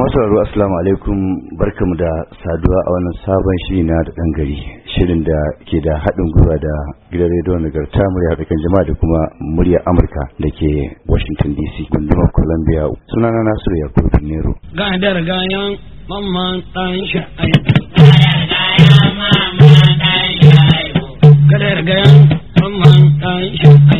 masu raro assalamu alaikum barkamu da saduwa a wannan sabon shiri na da gari shirin da ke da haɗin gwiwa da gidan rediyon nagarta murya haɗakan jama'a da kuma murya amurka da ke washington dc gundumar columbia sunana nasiru yakubu nero ga da gayan mamman ɗan sha'ai ga da gayan mamman ɗan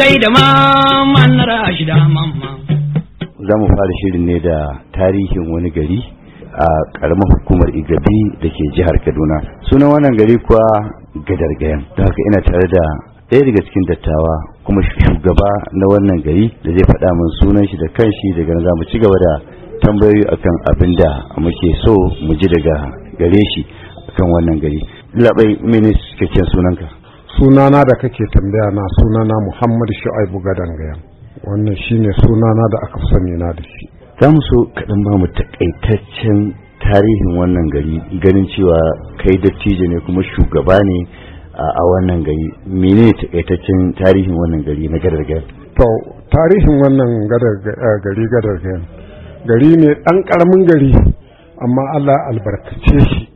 gaida mamman da za mu fara shirin ne da tarihin wani gari a karamar hukumar igabi da ke jihar kaduna sunan wannan gari kuwa gadargayan da haka ina tare da ɗaya daga cikin dattawa kuma shugaba na wannan gari da zai faɗa min sunan shi da kanshi daga nan za mu ci gaba da tambayoyi akan abin da muke so mu ji daga gare shi akan wannan gari labai mene cikakken sunanka sunana da kake tambaya na sunana muhammad shu'aibu gadangayan wannan shine sunana da aka sani na da shi za mu so kaɗan ba mu takaitaccen tarihin wannan gari ganin cewa kai dattijo ne kuma shugaba ne a wannan gari mene takaitaccen tarihin wannan gari na gari. to tarihin wannan eh, gari gadar gari ne ɗan ƙaramin gari amma allah albarkace shi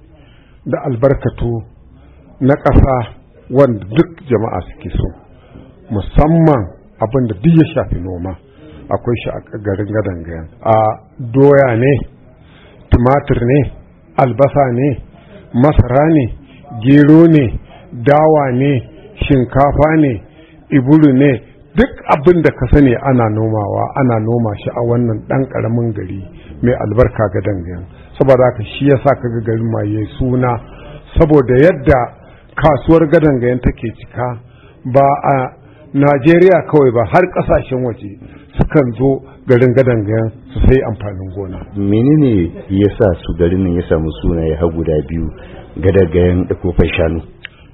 da albarkatu na ƙasa wanda duk jama'a suke so musamman abin da duk ya shafi noma akwai shi a garin gadon gayan a doya ne tumatir ne albasa ne masara ne gero ne dawa ne shinkafa ne iburu ne duk abin da ka sani ana nomawa ana noma shi a wannan ɗan ƙaramin gari mai albarka gadon gayan saboda haka shi yasa kaga garin ma yayi suna saboda yadda kasuwar gadon gadangayen take cika ba a najeriya kawai ba har kasashen waje sukan zo garin gadon gaya su sai amfanin gona menene ya sa su garin nan ya samu suna ya guda biyu gadangayen da kofar shanu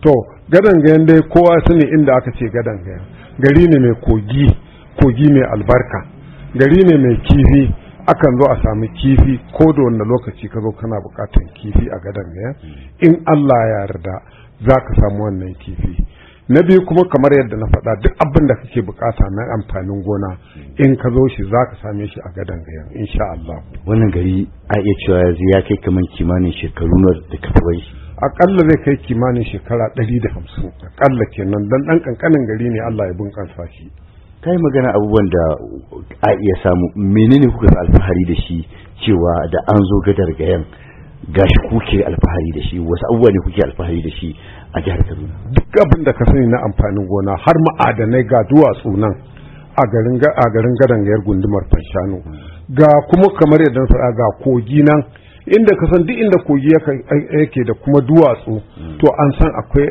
to gadon gadangayen dai kowa sani inda aka ce gadon gadangayen gari ne mai kogi kogi mai albarka gari ne mai kifi akan zo a sami kifi ko da wanda lokaci ka zo kana bukatan kifi a gadon gadangayen in allah ya yarda za ka samu wannan kifi na biyu kuma kamar yadda na faɗa duk abin da kake bukata na amfanin gona in ka zo shi za ka same shi a gadon gayan insha Allah wannan gari a iya cewa ya kai kamar kimanin shekaru da kafawai akalla zai kai kimanin shekara ɗari da hamsin akalla kenan dan ɗan ƙanƙanin gari ne Allah ya bunƙasa shi kai magana abubuwan da a iya samu menene kuka alfahari da shi cewa da an zo gadar gayan gashi kuke alfahari da shi wasu abubuwa ne kuke alfahari da shi a jihar kaduna duk abin da ka sani na amfanin gona har ma'adanai ga duwatsu nan a garin a garin gundumar fashanu. ga kuma kamar yadda faɗa ga kogi nan inda ka duk inda kogi yake da kuma duwatsu hmm. to an san akwai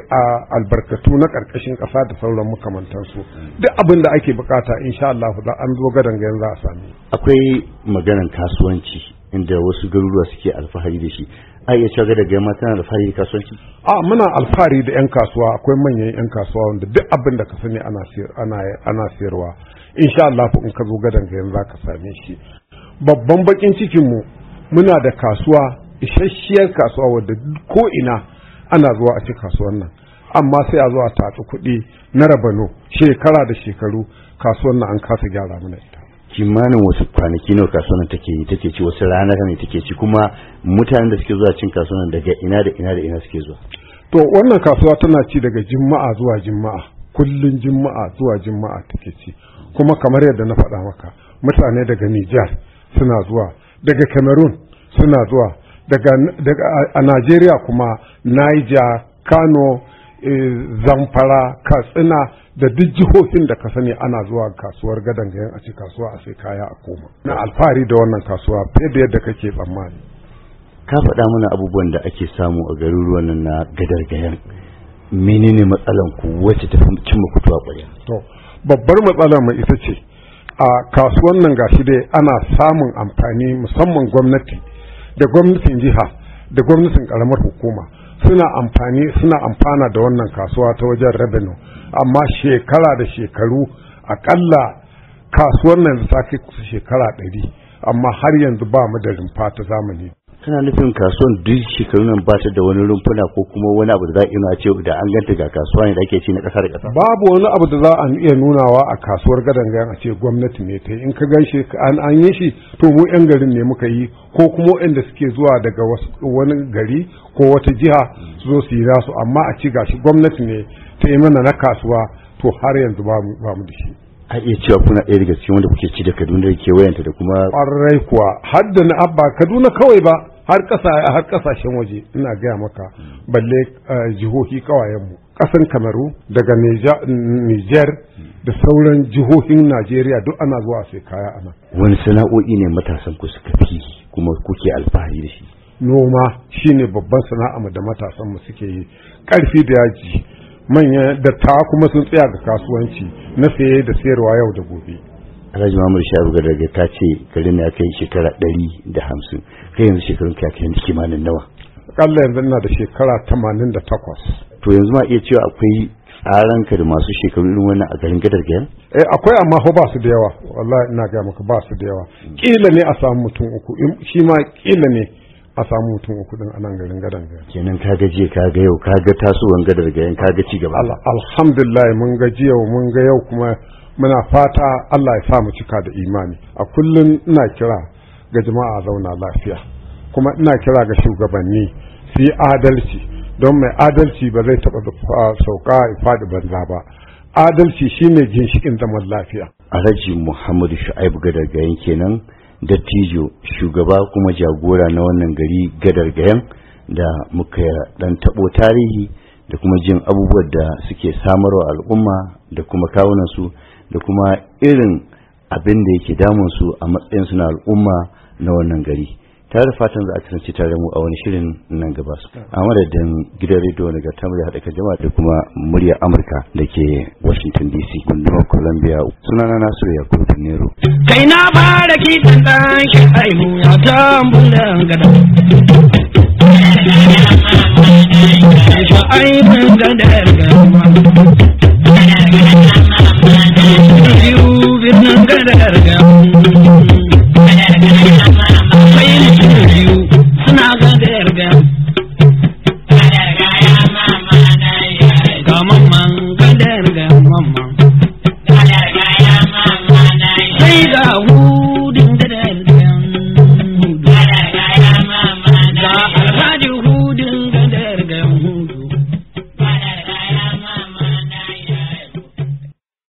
albarkatu na karkashin kasa da sauran makamantansu duk abin da ake bukata insha Allah an zo gadangayar za a sami akwai maganan kasuwanci inda wasu garuruwa suke alfahari da shi a iya cewa daga yamma tana alfahari da kasuwanci a muna alfahari da yan kasuwa akwai manyan yan kasuwa wanda duk abin da ka sani ana siyarwa sayarwa insha Allah in ka zo gadan ga yanzu ka same shi babban bakin cikin mu muna da kasuwa isasshiyar kasuwa wadda ko ina ana zuwa a ci kasuwar nan amma sai a zo a tatsi kuɗi na rabano shekara da shekaru kasuwar nan an kasa gyara mana ita kimanin wasu kwanaki nawa kasuwan take yi take ci wasu ranar ne take ci kuma mutanen da suke zuwa cin kasuwan daga ina da ina da ina suke zuwa to wannan kasuwa tana ci daga juma'a zuwa juma'a kullun juma'a zuwa juma'a take ci kuma kamar yadda na faɗa maka mutane daga Nijar suna zuwa daga Cameroon suna zuwa daga, daga a Najeriya kuma Niger Kano Eh, zamfara katsina da duk jihohin da ka sani ana zuwa kasuwar gadon gayan a ci kasuwa a sai kaya a koma na alfahari da wannan kasuwa fiye da yadda kake tsammani ka faɗa mana abubuwan da ake samu a garuruwan nan na gadar gayan menene matsalan ku wacce ta fi cimma kutuwa ƙwarya to babbar matsalar mai ita ce a kasuwan nan gashi dai ana samun amfani musamman gwamnati da gwamnatin jiha da gwamnatin ƙaramar hukuma suna amfani suna amfana da wannan kasuwa ta wajen revenue amma shekara da shekaru akalla kasuwar nan ta kai kusa shekara ɗari amma har yanzu ba mu da rumfa ta zamani kana nufin kasuwan duk shekaru nan ba ta da wani rumfuna ko kuma wani abu da za a iya ce da an ganta ga kasuwa ne da ake ci na kasar da ƙasa babu wani abu da za a iya nunawa a kasuwar gadan a ce gwamnati ne ta in ka gan shi an an yi shi to mu yan garin ne muka yi ko kuma inda suke zuwa daga wani gari ko wata jiha su zo su yi nasu amma a ci gashi gwamnati ne ta yi mana na kasuwa to har yanzu ba mu da shi a iya cewa kuna ɗaya daga cikin wanda kuke ci da Kaduna da kewayenta da kuma ƙwarai kuwa har da na abba Kaduna kawai ba har ƙasa har ƙasashen waje ina gaya maka balle eh, jihohi kawayenmu ƙasan Kamaru daga Niger da sauran jihohin Najeriya duk ana zuwa sai kaya ana wani sana'o'i ne matasan ku suka fi kuma kuke alfahari da shi noma shine babban sana'a da matasan mu suke yi ƙarfi da yaji Manyan datta kuma sun tsaya ga kasuwanci na saye da sayarwa yau da gobe alhaji mamadu Shabu ga daga ta ce garin ya kai shekara ɗari da hamsin kai yanzu shekarun ka kai yanzu kimanin nawa Kalla yanzu ina da shekara tamanin da takwas to yanzu ma iya cewa akwai tsaron ka da masu shekarun wani a garin gadar gayan eh akwai amma ho ba su da yawa wallahi ina ga maka ba su da yawa kila ne a samu mutum uku shi ma kila ne a samu mutum uku din anan garin gadan ga kenan ka ga jiya ka ga yau ka ga tasowan gadar ga yan ka ga ci gaba alhamdulillah mun ga jiya mun ga yau kuma muna fata Allah ya sa mu cika da imani a kullum ina kira ga jama'a zauna lafiya kuma ina kira ga shugabanni su yi adalci don mai adalci ba zai taɓa sauka ya faɗi banza ba adalci shine ginshikin zaman lafiya alhaji muhammadu shu'aibu gadar kenan dattijo shugaba kuma jagora na wannan gari gadar gayan da muka dan tabo tarihi da kuma jin abubuwan da suke samarwa al'umma da kuma kawunansu da kuma irin abin da yake su a matsayin suna al'umma na wannan gari tare fatan za a kasance tare mu a wani shirin nan gaba a madadin gidan rediyo daga tamar haɗa kan jama'a da kuma murya amurka da ke washington dc gundumar columbia sunana nasiru ya kuma nero kai na fara kitan dan aihu ya tambulan gada gada